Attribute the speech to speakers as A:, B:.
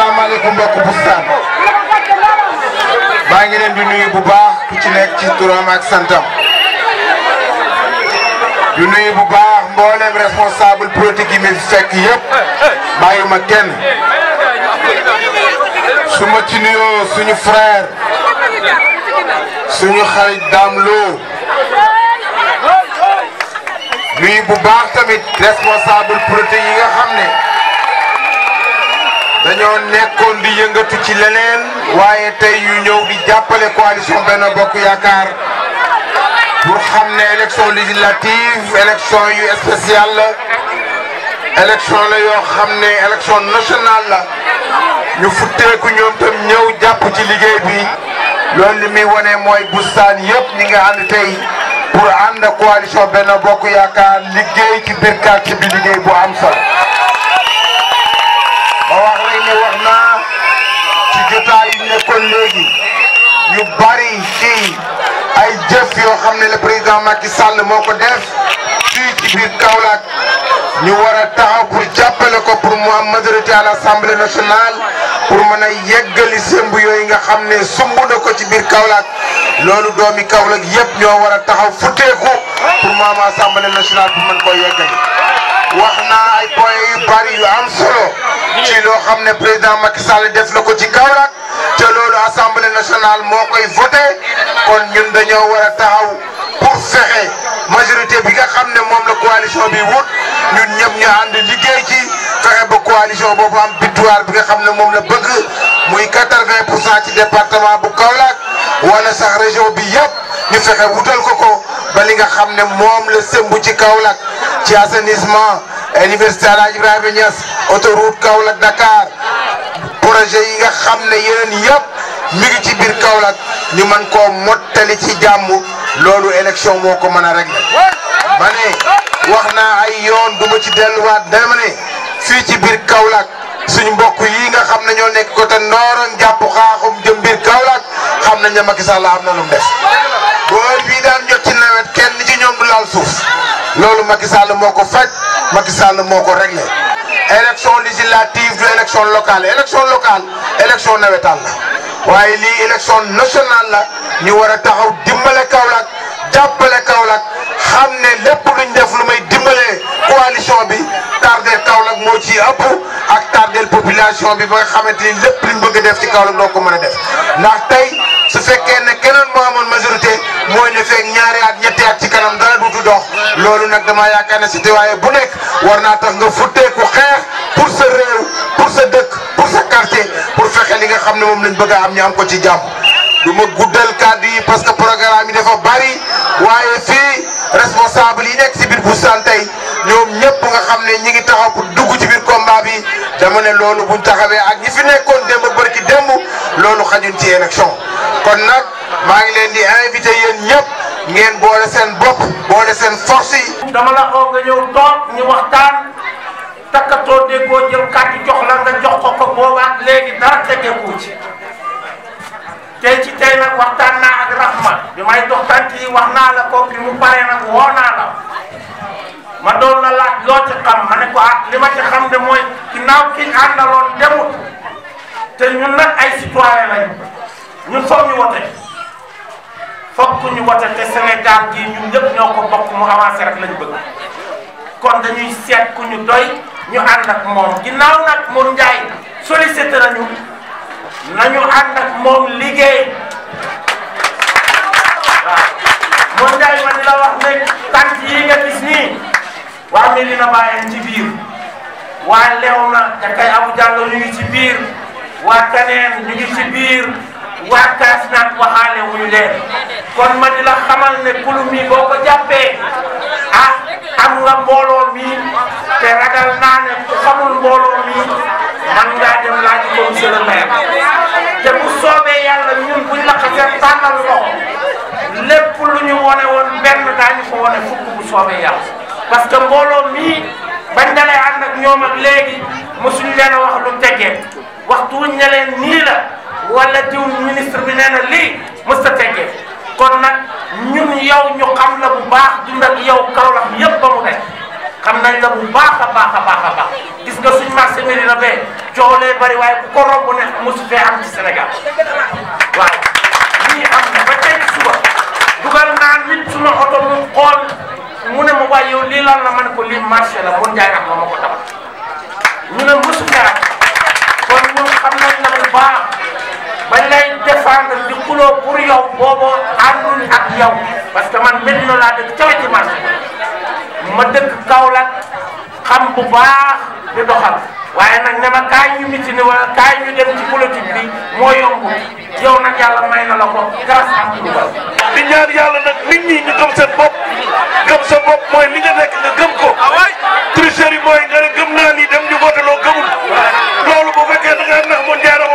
A: asalaamaaleykum mbokk Boustan ba ngi len di nuyu bu baax ku ci nek ci turam ak santam di nuyu bu baax mboolem responsable politique yi mi fekk yëpp bàyyuma kenn su ma ci nuyoo suñu frère suñu xarit damlo Lo nuyu bu baax tamit responsable politique yi nga xam ne. dañoo nekkoon di yëngatu ci leneen waaye tey yu ñëw di jàppale coalition Benno Bokk Yaakaar pour xam ne élection législative élection yu spéciale la la yoo xam ne élection nationale la ñu futteeku ñoom tam ñëw jàpp ci liggéey bi loolu li muy wane mooy saan yëpp ñi nga ànd tey pour ànd coalition Benno Bokk Yaakaar liggéey ci biir quartier bi liggéey bu am solo ne wax naa ci jotaay yi nekkoon léegi yu bari ci ay jëf yoo xam ne la président Macky sàll moo ko def fii ci biir Kaolack ñu war a taxaw pour jàppale ko pour mu am majorité à l' assemblée nationale pour mën a yeggali sëmb yooyu nga xam ne sumb ko ci biir Kaolack loolu doomi Kaolack yëpp ñoo war a taxaw futteeku pour mu am assemblée nationale pour mën koo yeggali. wax naa ay yoo yu bari yu am solo ci loo xam ne président Macky Sall def na ko ci Kaolack te loolu assemblée nationale moo koy voté kon ñun dañoo war a taxaw pour fexe majorité bi nga xam ne moom la coalition bi wut ñun ñëpp ñu ànd liggéey ci fexe ba coalition boobu am victoire bi nga xam ne moom la bëgg muy quatre-vingt pour cent ci département bu Kaolack wala sax région bi yëpp ñu fexe wutal ko ko ba li nga xam ne moom la sëmb ci Kaolack. ci assainissement université Alaaji Ibrahima Niass autoroute Kaolack Dakar projet yi nga xam ne yeneen yëpp mi ci biir Kaolack ñu man ko mottali ci jàmm loolu élection moo ko mën a rek ma ne wax naa ay yoon duma ci delluwaat ma ne fii ci biir Kaolack suñu mbokk yi nga xam ne ñoo nekk côté Ndorong jàpp xaaxum jëm biir Kaolack xam nañ ne Macky Sall am na lu mu def boo bii daan jot ci nawet kenn ci ñoom laal suuf. loolu Macky Sall moo ko faj Macky Sall moo ko réglé élection législative du élection locale élection locale élection nawetaan la waaye lii élection nationale la ñu war a taxaw dimbale Kaolack jàppale Kaolack xam ne lépp luñ def lu may dimbalee coalition bi tardel Kaolack moo ci ëpp ak tardel population bi ba nga xamante ni lépp luñ bëgg def ci Kaolack doo ko mën a def ndax tey su fekkee ne keneen moo amoon majorité mooy ne feeg ñaari loolu nag damaa yaakaar na ne waaye bu nekk war naa tax nga futteeku xeex pour sa réew pour sa dëkk pour sa quartier pour fexe li nga xam ne moom lañ bëgg a am ñu am ko ci jàmm. du ma guddal kàddu yi parce que programme yi dafa bari waaye fii responsable yi nekk ci biir Boustan tey ñoom ñëpp nga xam ne ñi ngi taxaw pour dugg ci biir combat bi dama ne loolu buñ taxawee ak ñi fi nekkoon démb ci démb loolu xajuñ ci élection kon nag maa ngi leen di invité ñëpp. ngeen boole seen bopp boole seen force dama la oo nga ñëw toog ñu waxtaan takkatoo
B: déggoo jël kàddu jox la jox ko ko boobaat léegi dara teggeeku ci tey ci tey nag waxtaan naa ak Rahma bi may dox tànk yi wax naa la ko bi mu paree nag woo naa la ma doon na laaj loo ci xam ma ne ko ah li ma ci xam de mooy ginnaaw ki àndaloon demut te ñun nag ay citoyen lañu ñun foog ñu wote. fokk ñu wote te Sénégal gii ñun ñoo ko bokk mu avancé rek bëgg kon dañuy seet ku ñu doy ñu ànd ak moom ginnaaw nag Mor Ndiaye sollicité nañu nañu ànd ak moom liggéey waaw Mor ma di la wax ne tànk yi nga gis nii waa Medina Baye ci biir waa Léona da kay Abou Diallo ñu ngi ci biir waa Kaneen ñu ngi ci biir waa kon ma di la xamal ne Kulu mi boo ko jàppee ah, nga mbooloo mi te ragal naa ne ku xamul mbooloo mi man ngaa dem laaj ko monsieur le maire te bu soobee yàlla ñun buñ la xasee tànnal loxo lépp lu ñu wane woon benn daañu ko wane fukk bu soobee yàlla parce que mbooloo mi bañ dalee ànd ak ñoom ak léegi mosuñ leen a wax lu teggee waxtu wuñ ne leen nii la wala ministre bi nee na lii mës a kon nag ñun yow ñu xam la bu baax dund yaw yow Kaolack yëpp ba mu nekk xam nañ la bu baax a baax a baax a baax gis nga suñ marché Médina bee coow lee bari waaye ku ko romb ne mosu fee am ci Sénégal waaw lii am na ba tey suba dugal naa nit suma oto mu xool mu ne ma waaye yow lii lan la ma ne ko lii marché la bon jaay am na ma ko tabax ñu ne mosu fee am kon ñun xam nañ bu baax ba lay défendre di xuloo pour yow booboo àndul ak yow parce que man Medina laa dëkk ca wetu ma dëkk Kaolack xam bu baax di doxal waaye nag ne ma kaay ñu mitini wala kaay ñu dem ci yow nag yàlla may na la ko grâce ak dugal di ñaan yàlla nag nit ñi ñu gëm seen bopp mooy li nga nekk ko tricherie mooy nga ne gëm naa ni dem ñu voté loo gëmul loolu bu fekkee da nga nax mu njaaro